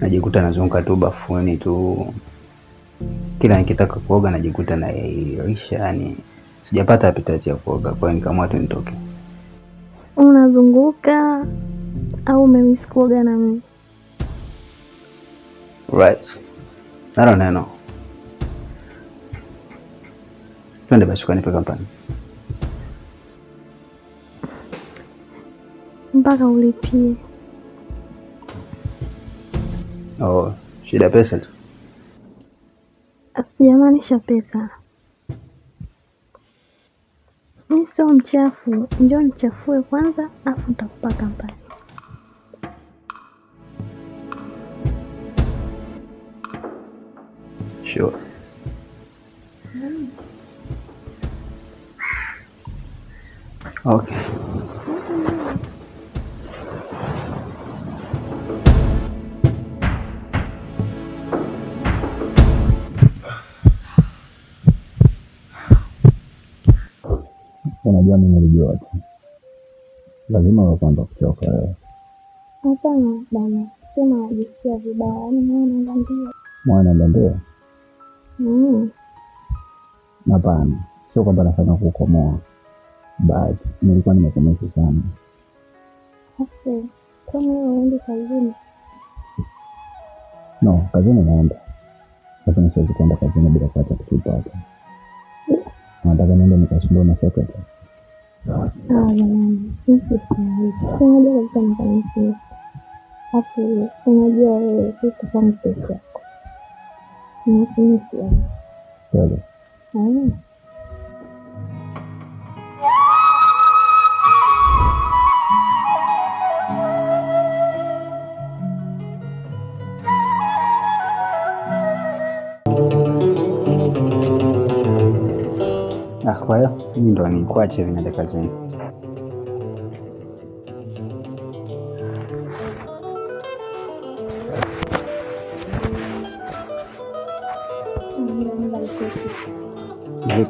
najikuta nazunguka tu bafuni tu, kila nikitaka kuoga najikuta naiisha, yani sijapata apitati ya kuoga, kwa hiyo nikaamua tu nitoke. Unazunguka au umemiss kuoga na mimi? Right. I don't Twende basi ukanipe kampani mpaka ulipie. Oh, shida pesa tu? Sijamaanisha pesa, mi sio mchafu. Njoo nichafue kwanza, afu nitakupa mbaya. Sure. Hmm. Okay. jana nilijua tu lazima wewe kwanza kuchoka wewe. Hapana bana, sema najisikia vibaya, yaani moyo unadondoka. mwana unadondoka? Mm. Hapana, sio kwamba nafanya kukomoa, but nilikuwa nimekomesha sana. Okay. Kwani wewe uendi kazini? No, kazini naenda, lakini siwezi kwenda kazini bila kupata kitu. Eh. Nataka niende nikasumbua na sekretari 啊，们事，没事，我这边暂时，啊，我这边暂时忘记了，没关系。好的，嗯。Kwa hiyo mimi ndo nikuache hivi, kazini.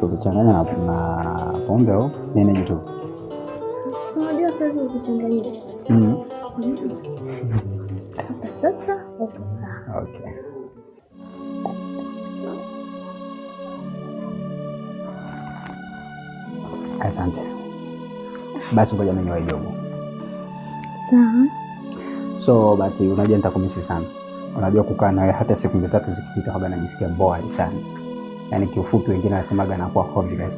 Kuchanganya na pombe au neneji tu? kuchanganya. Okay. Asante. Basi ngoja mimi niwaje Sawa. So bati unajua nitakumisi sana. Unajua kukaa nawe hata sekunde tatu zikipita kabla najisikia boa sana. Yaani kiufupi wengine wanasemaga nakuwa confident.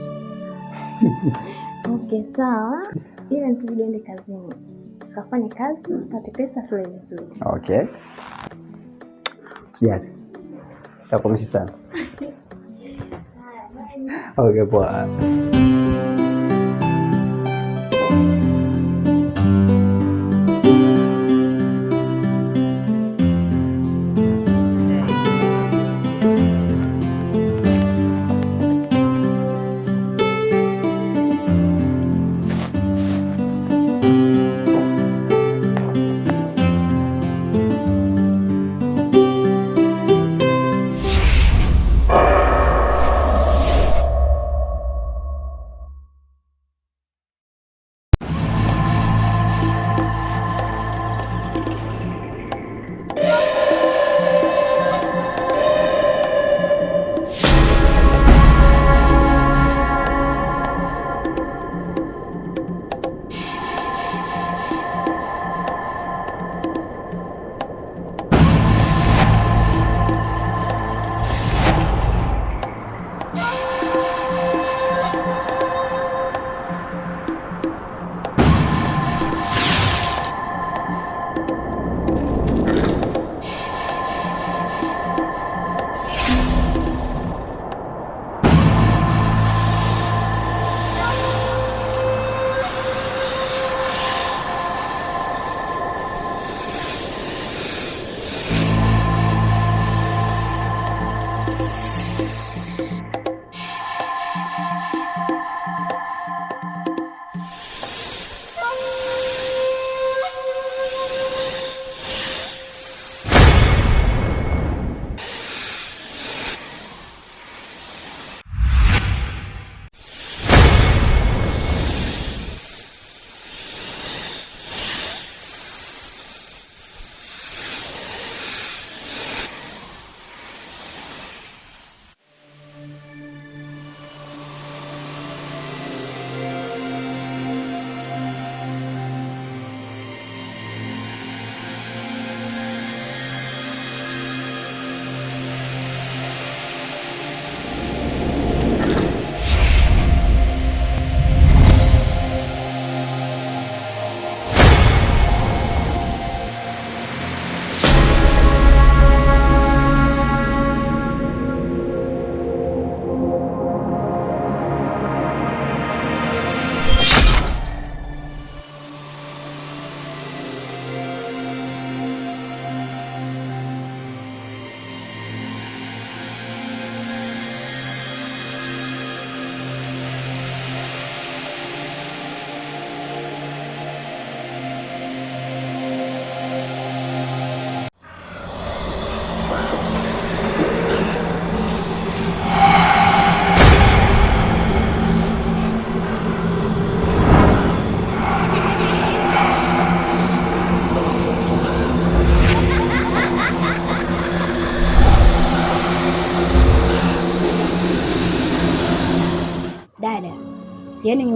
Okay, sawa. Ila nikibidi ende kazini. Kafanye kazi, pate pesa tule vizuri. Okay. Yes. Nitakumisi sana. Okay, poa.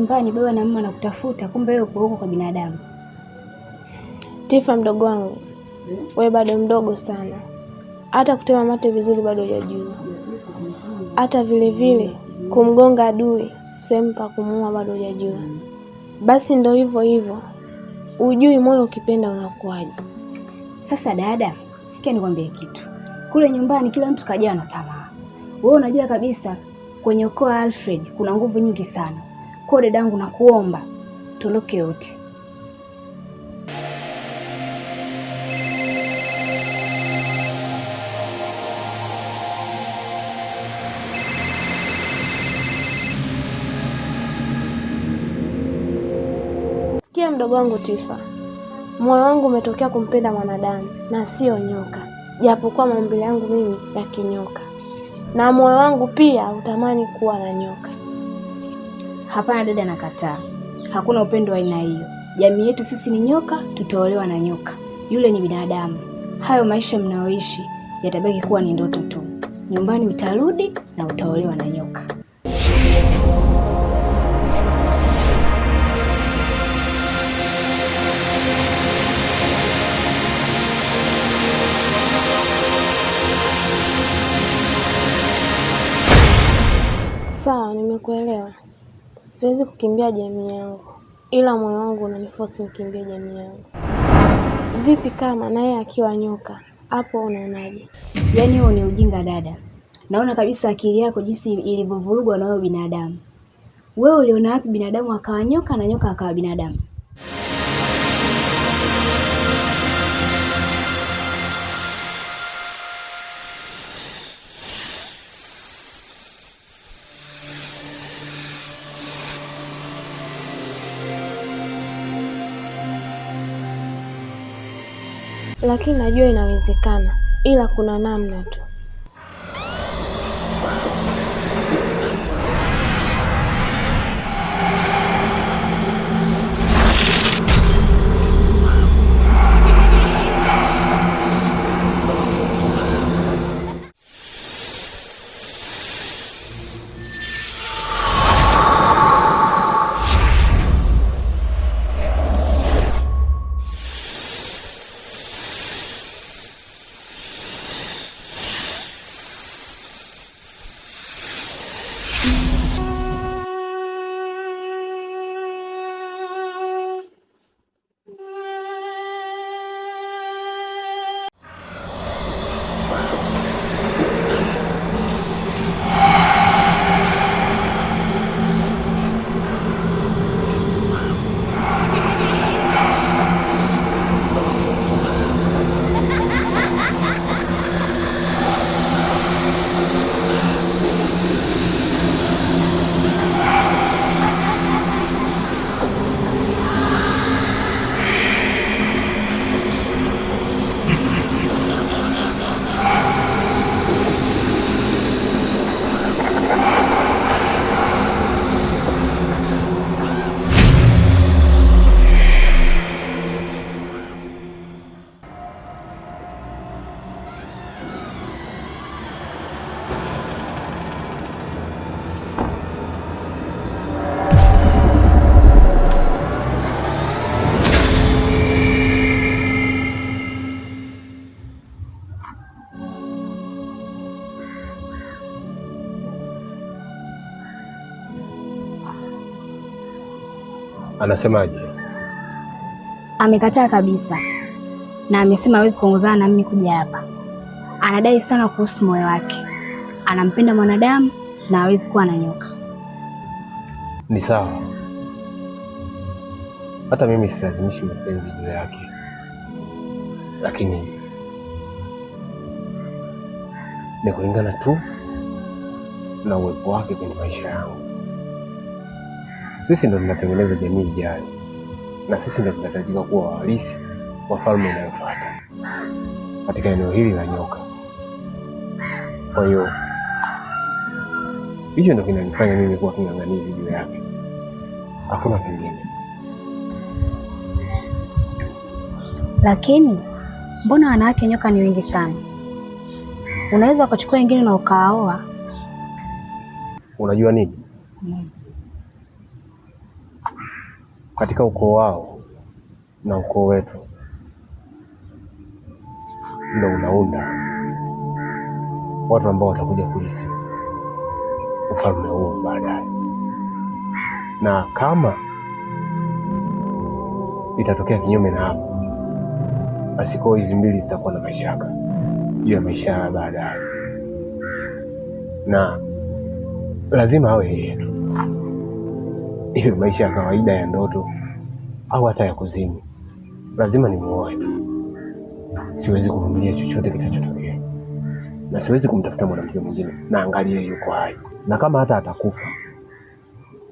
nyumbani, baba na mama nakutafuta, kumbe wewe uko huko kwa binadamu. Tifa mdogo wangu, wewe bado mdogo sana, hata kutema mate vizuri bado hujajua, hata vile vile kumgonga adui sehemu pa kumuua bado hujajua. Basi ndo hivyo hivyo, ujui moyo ukipenda unakuwaje. Sasa dada, sikia nikwambie kitu, kule nyumbani kila mtu kajaa na tamaa. Wewe unajua kabisa kwenye ukoo wa Alfred kuna nguvu nyingi sana, kwa dadangu, kuomba tuondoke wote. Sikia mdogo wangu Tifa, moyo wangu umetokea kumpenda mwanadamu na sio nyoka, japokuwa maumbile yangu mimi yakinyoka, na moyo wangu pia utamani kuwa na nyoka. Hapana dada, nakataa. Hakuna upendo wa aina hiyo. Jamii yetu sisi ni nyoka, tutaolewa na nyoka. Yule ni binadamu. Hayo maisha mnayoishi yatabaki kuwa ni ndoto tu. Nyumbani utarudi na utaolewa na nyoka. Sawa, nimekuelewa. Siwezi kukimbia jamii yangu, ila moyo wangu unanifosi nikimbie jamii yangu. Vipi kama naye akiwa nyoka? Hapo unaonaje? Yaani huo ni ujinga dada. Naona kabisa akili yako jinsi ilivyovurugwa na huyo binadamu. Wewe uliona wapi binadamu akawa nyoka na nyoka akawa binadamu? lakini najua inawezekana ila kuna namna tu Anasemaje? Amekataa kabisa na amesema hawezi kuongozana na mimi kuja hapa. Anadai sana kuhusu moyo wake, anampenda mwanadamu na hawezi kuwa na nyoka. Ni sawa, hata mimi silazimishi mapenzi juu yake, lakini ni kulingana tu na uwepo wake kwenye maisha yangu. Sisi ndo tunatengeneza jamii ijayo, na sisi ndo tunahitajika kuwa wawalisi wa falme inayofuata katika eneo hili la nyoka. Kwa hiyo hicho ndo kinanifanya mimi kuwa king'ang'anizi juu yake, hakuna kingine. Lakini mbona wanawake nyoka ni wengi sana? Unaweza ukachukua wengine na ukaoa. Unajua nini? Hmm katika ukoo wao na ukoo wetu ndo unaunda watu ambao watakuja kuisi ufalme huo baadaye, na kama itatokea kinyume na hapo, basi koo hizi mbili zitakuwa na mashaka juu ya maisha ya baadaye, na lazima awe yeye tu iwe maisha ya kawaida ya ndoto au hata ya kuzimu, lazima nimuoe tu. Siwezi kuvumilia chochote kitachotokea, na siwezi kumtafuta mwanamke mwingine, na angalie yuko hai, na kama hata atakufa,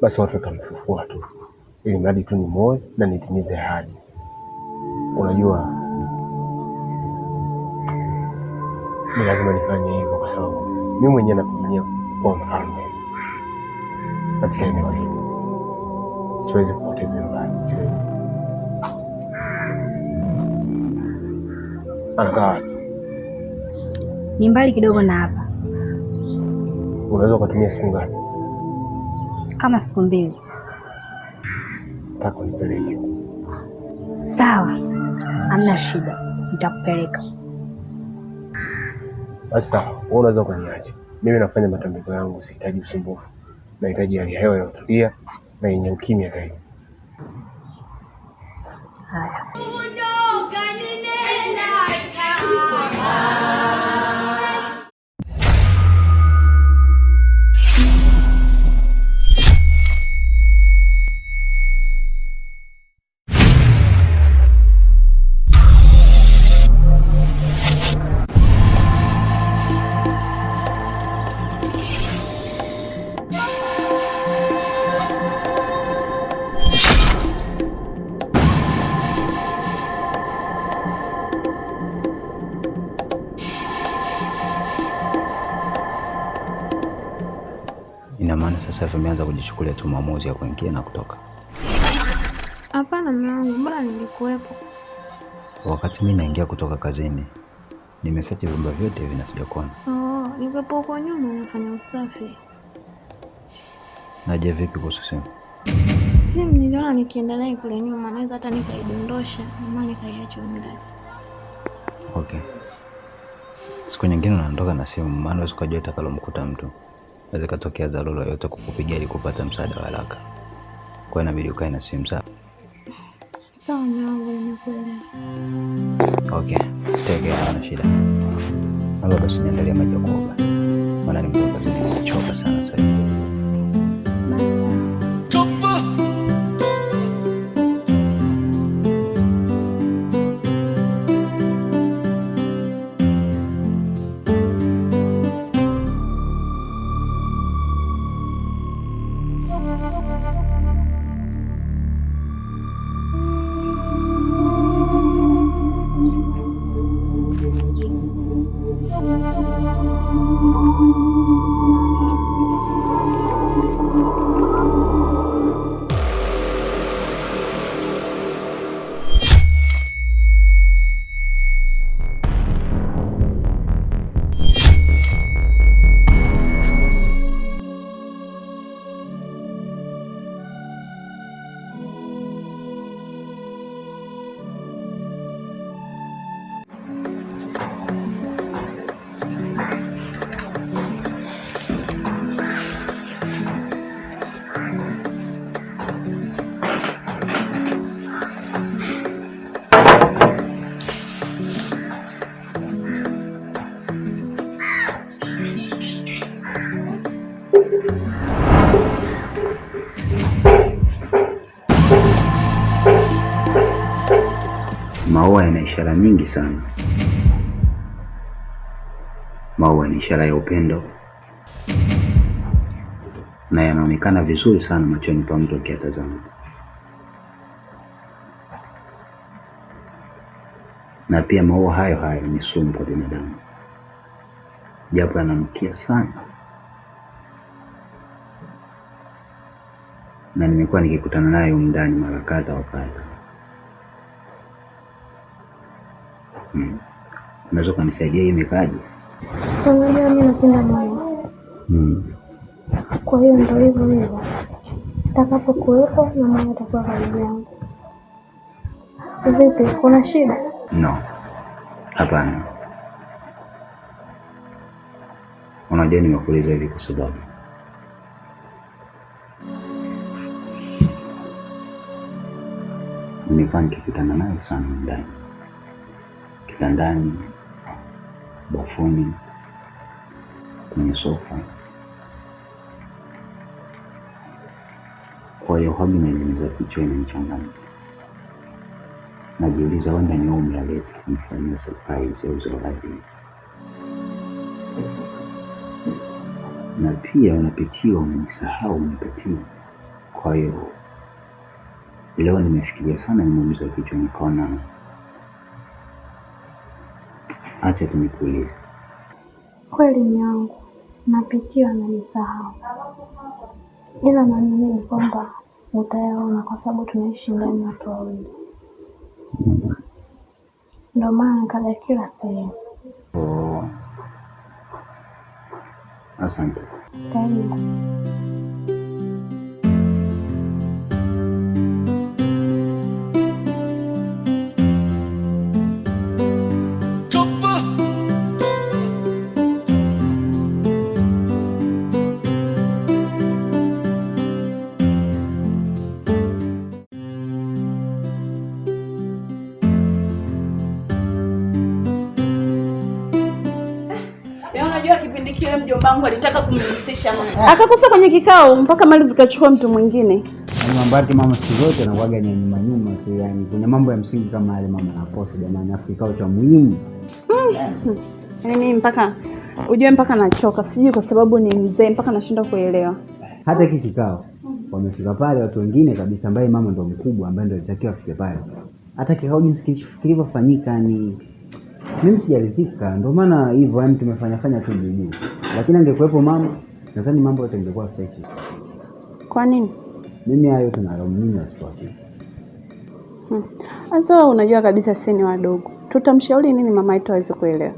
basi watu watamfufua tu, ili mradi tu nimuoe na nitimize ahadi. Unajua, ni lazima nifanye hivyo kwa sababu mimi mwenyewe napigania kuwa mfalme katika eneo hili. Siwezi kupoteza imani, siwezi. Anakaa ni mbali kidogo na hapa. Unaweza ukatumia siku ngapi? Kama siku mbili. Nataka unipeleke. Sawa, hamna shida, nitakupeleka. Basi sawa, wewe unaweza ukaniacha mimi, nafanya matambiko yangu, sihitaji usumbufu, nahitaji hali ya hewa inayotulia 每年纪念日 maana sasa hivi umeanza kujichukulia tu maamuzi ya kuingia na kutoka. Hapana mume wangu, bora ningekuwepo. Wakati mimi naingia kutoka kazini, Nimesaje vyumba vyote hivi na sijakuona. Oh, nilikuwepo huko nyuma nafanya usafi. Naje vipi kuhusu simu? Simu niliona nikienda naye kule nyuma, naweza hata nikaidondosha ama nikaiacha ndani. Okay, siku nyingine unaondoka na simu, maana usikajua itakalomkuta mtu inaweza ikatokea dharura yoyote kukupigia ili kupata msaada wa haraka. Kwa hiyo inabidi ukae na simu sana. Sawa nyangu, nimekuelewa. Okay, tegea na shida. Naomba basi niandalie maji ya kuoga. Maana nimetoka kazini nimechoka sana sasa hivi. ishara nyingi sana. Maua ni ishara ya upendo na yanaonekana vizuri sana machoni pa mtu akiyatazama, na pia maua hayo hayo ni sumu kwa binadamu, japo yananukia sana, na nimekuwa nikikutana nayo ndani mara kadha wa kadha. Hmm. unaweza hmm. kunisaidia hii imekaje? Unajua mimi napenda maji. Mm. Kwa hiyo ndio hivyo hivyo, takapokuwepo na maji atakuwa karibu yangu. Vipi, kuna shida? No, hapana. Unajua nimekuuliza hivi kwa sababu nilikuwa nikikutana nayo sana ndani kitandani, bafuni, kwenye sofa. Kwa hiyo Habi najiuliza, kichwa inanichanganya, najiuliza huenda ni umlaleta kumfanyia surprise au zawadi, na pia unapitiwa, umejisahau, umepatia. Kwa hiyo leo nimefikiria sana, nimeumiza kichwa, nikaona acha tunipulize. Kweli yangu napitia na nisahau, ila naamini kwamba utayaona, kwa sababu tunaishi ndani watu wawili, ndio maana kaja kila sehemu. Oh. Asante. Karibu. babangu alitaka kumnisisha mama. Eh. Akakosa kwenye kikao mpaka mali zikachukua mtu mwingine. Mambo yake mama siku zote anakuaga ni nyuma nyuma tu, yani kuna mambo ya msingi kama yale mama anakosa jamani, afu kikao cha muhimu. mimi hmm. mpaka ujue mpaka nachoka, sijui kwa sababu ni mzee mpaka nashindwa kuelewa. Hata hiki kikao wamefika pale watu wengine kabisa, ambaye mama ndo mkubwa ambaye ndo alitakiwa afike pale, hata kikao jinsi kilivyofanyika ni mimi sijaridhika, ndio maana hivyo, yani tumefanya fanya tu juu lakini angekuwepo mama, nadhani mambo yote yangekuwa freshi. Kwa nini? Mimi hayo tunalaumu mimi watoto wake. Hmm. Sasa hmm. Unajua kabisa sisi ni wadogo, tutamshauri nini mama yetu aweze kuelewa?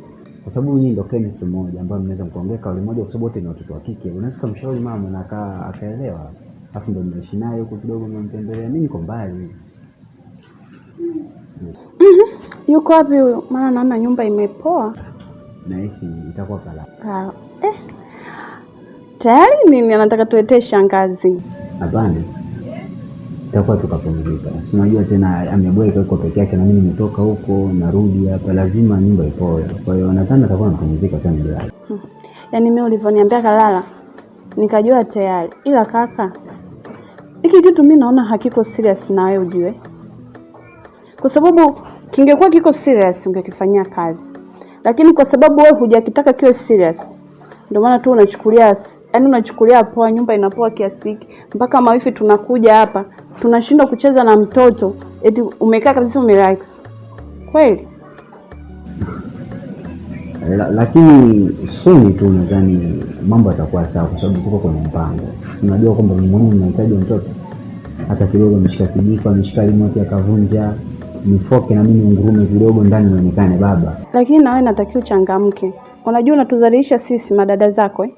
Kwa sababu nyinyi ndo kesi moja ambayo mnaweza mkaongea kauli moja, kwa sababu wote ni watoto wa kike. Unaweza kumshauri mama na akaelewa, alafu ndo mnaishi naye huko kidogo, mnamtembelea. Mimi niko mbali. Mhm. Yuko wapi huyu? Maana naona nyumba imepoa. Naishi itakuwa kala. kala. eh. Tayari nini anataka tuetee shangazi? Hapana. Itakuwa tukapumzika. Unajua tena amebweka huko peke yake na mimi nimetoka huko narudi hapa lazima nyumba ipoe. Kwa hiyo nadhani atakuwa anapumzika sana bila. Hmm. Yaani mimi ulivyoniambia kalala nikajua tayari. Ila kaka hiki kitu mimi naona hakiko serious na wewe ujue. Kwa sababu Kingekuwa kiko serious ungekifanyia kazi, lakini kwa sababu wewe hujakitaka kiwe serious, ndio maana tu unachukulia, yaani unachukulia poa, nyumba inapoa kiasi hiki, mpaka mawifi tunakuja hapa tunashindwa kucheza na mtoto, eti umekaa kabisa umerelax kweli? La, lakini soni tu nadhani mambo yatakuwa sawa, kwa sababu tuko kwenye mpango. Unajua kwamba mwanangu anahitaji mtoto, hata kidogo ameshika kijiko, ameshika yake akavunja nifoke na mimi ngurume kidogo ndani nionekane baba. Lakini nawe natakiwa uchangamke, unajua unatuzalisha sisi madada zako eh?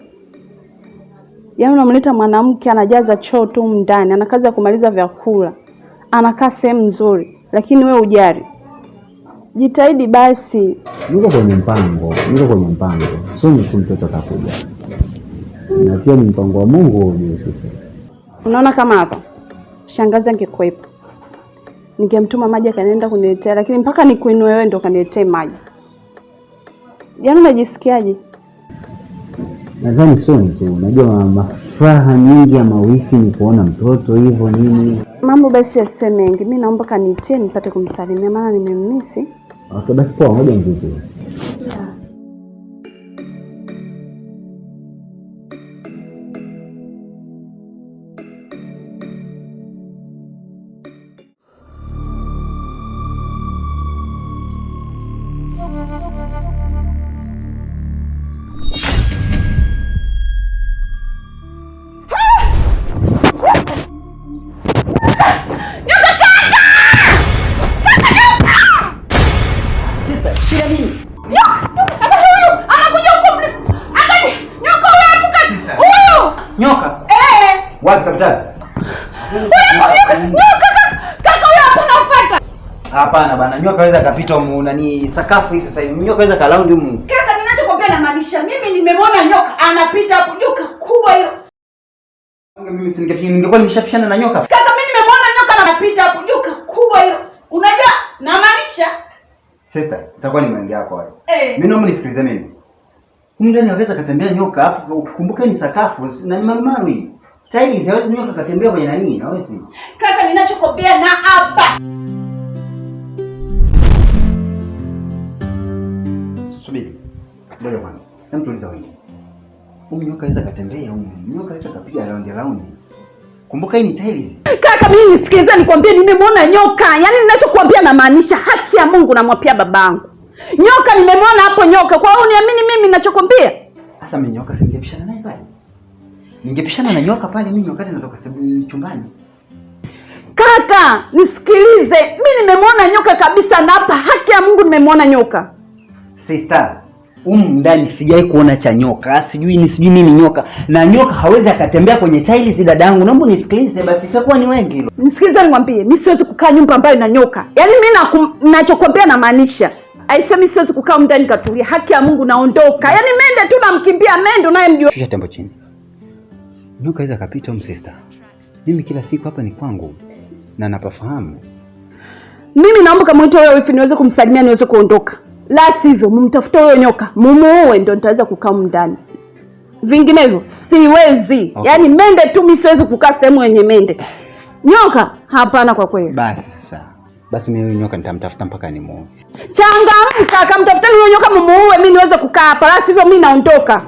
Yaani unamleta mwanamke anajaza choo tu ndani, ana kazi ya kumaliza vyakula, anakaa sehemu nzuri, lakini we ujari. Jitahidi basi. Niko kwenye mpango, niko kwenye mpango, sio ni mtoto atakuja, na pia ni mpango wa Mungu. Unaona kama hapa shangazi angekuwepo nikamtuma maji akanenda kuniletea, lakini mpaka nikuinue wewe ndo kaniletee maji. Yaani unajisikiaje? Nadhani sio tu, unajua mafuraha nyingi ya mawifi ni kuona mtoto hivyo nini, mambo basi yasiseme mengi. Mi naomba kanitie nipate kumsalimia, maana nimemmisi. Okay, basi poa, ngoja nikuite. Wapi kapitani? Hapana bana, nyoka kaweza kapita mu nani sakafu hii sasa hivi. Nyoka kaweza kalaundi humu. Kaka, ninachokwambia na maanisha mimi nimemwona nyoka anapita hapo nyoka kubwa hiyo. Mimi si ningepiga ningekuwa nimeshapishana na nyoka. Kaka, mimi nimemwona nyoka anapita hapo nyoka kubwa hiyo. Unajua na maanisha Sister, itakuwa ni mwangia kwa wewe. Eh. Mimi naomba nisikilize mimi. Humu ndani kaweza katembea nyoka, afu ukikumbuka ni sakafu na ni marumaru hii. Tairi hawezi nyoka katembea kwenye nani hawezi. Kaka ninachokopea na hapa. Subiri. Ngoja kwanza. Hem, tuliza wewe. Huyu nyoka aweza katembea huyu. Nyoka aweza kapiga raundi raundi. Kumbuka hii ni tairi. Kaka mimi nisikiliza nikwambie nimemwona nyoka. Yaani ninachokuambia namaanisha haki ya Mungu namwapia babangu. Nyoka nimemwona hapo nyoka. Kwa hiyo uniamini mimi ninachokwambia. Sasa mimi nyoka singepishana naye pale ningepishana na nyoka pale mimi wakati natoka chumbani. Kaka nisikilize, mi nimemwona nyoka kabisa, na hapa haki ya Mungu nimemwona nyoka. Sister, umu ndani sijai kuona cha nyoka, sijui ni sijui nini nyoka, na nyoka hawezi akatembea kwenye tile. Dada dadangu, naomba nisikilize basi, itakuwa ni wengi hilo. Nisikilize nikwambie, mi siwezi kukaa nyumba ambayo ina nyoka. Yaani mi nachokwambia namaanisha aisemi, siwezi kukaa ndani katulia. Haki ya Mungu naondoka, yaani mende tu namkimbia mende unayemjua. Shusha tembo chini nuka kaweza kapita msista. Mimi kila siku hapa ni kwangu na napafahamu. Mimi naomba kama mtu wewe wifi niweze kumsalimia niweze kuondoka. La sivyo mumtafuta huyo nyoka, mumuue ndio nitaweza kukaa mndani Vinginevyo siwezi. Okay. Yaani mende tu mimi siwezi kukaa sehemu yenye mende. Nyoka hapana kwa kweli. Basi sasa. Basi mimi huyo nyoka nitamtafuta mpaka nimuue. Changamka, kamtafuteni huyo nyoka mumuue, mimi niweze kukaa hapa. La sivyo mimi naondoka.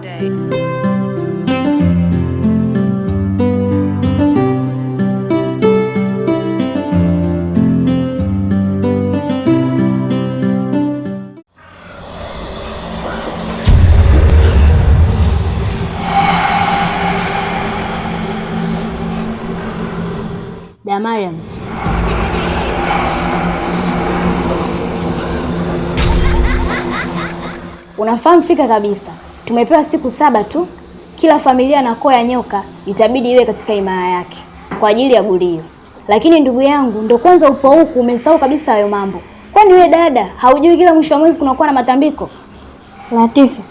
Unafahamu fika kabisa tumepewa siku saba tu, kila familia na koo ya nyoka itabidi iwe katika himaya yake kwa ajili ya gulio. Lakini ndugu yangu, ndo kwanza upo huku umesahau kabisa hayo mambo. Kwani wewe dada, haujui kila mwisho wa mwezi kunakuwa na matambiko? Latifu,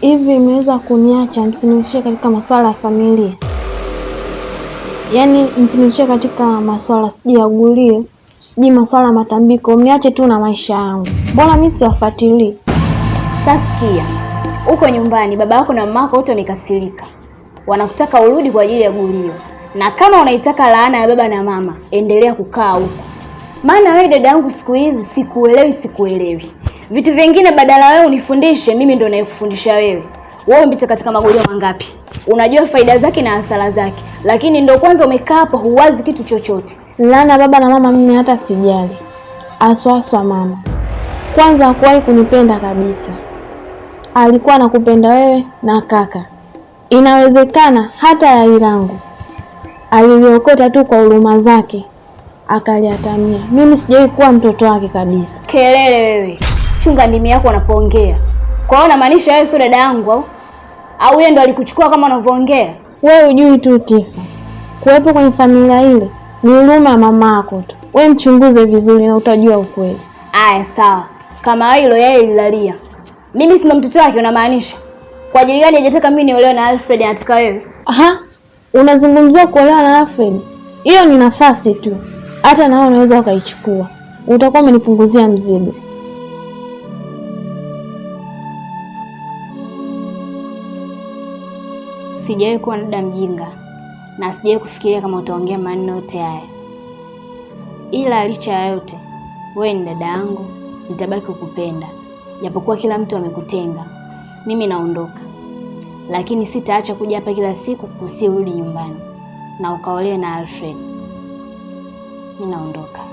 hivi imeweza kuniacha msinishie katika masuala ya familia, yaani msinishie katika masuala sijui ya gulio, sijui masuala ya matambiko, mniache tu na maisha yangu. Mbona mimi siwafuatilii? Sasa uko nyumbani baba yako na mama yako wote wamekasirika, wanakutaka urudi kwa ajili ya gulio, na kama unaitaka laana ya baba na mama, endelea kukaa huko, maana wewe dada yangu siku hizi sikuelewi, sikuelewi vitu vingine. Badala wewe unifundishe mimi, ndo naikufundisha wewe. Wewe umepita katika magulio mangapi? Unajua faida zake na hasara zake, lakini ndo kwanza umekaa hapa, huwazi kitu chochote. Laana baba na mama, mimi hata sijali, aswaswa mama kwanza hakuwahi kunipenda kabisa alikuwa anakupenda wewe na kaka, inawezekana hata yai langu aliliokota tu kwa huruma zake akaliatamia. Mimi sijawahi kuwa mtoto wake kabisa. Kelele wewe, chunga ndimi yako unapoongea. Kwa hiyo unamaanisha wewe sio dada yangu au au yeye ndo alikuchukua kama unavyoongea wewe? Hujui tu Tifa, kuwepo kwenye familia ile ni huruma ya mama yako tu. Wewe mchunguze vizuri na utajua ukweli. Aya, sawa, kama hilo yeye ililalia mimi sina mtoto wake, unamaanisha? Kwa ajili gani hajataka mimi niolewe na Alfred, anataka wewe? Aha, unazungumzia kuolewa na Alfred? Hiyo ni nafasi tu, hata nao unaweza ukaichukua, utakuwa umenipunguzia mzigo. Sijawahi kuwa dada mjinga na sijawahi kufikiria kama utaongea maneno yote haya, ila licha ya yote, wewe ni dada yangu, nitabaki kukupenda japokuwa kila mtu amekutenga. Mimi naondoka, lakini sitaacha kuja hapa kila siku kusi urudi nyumbani na ukaolewe na Alfred. Mimi naondoka.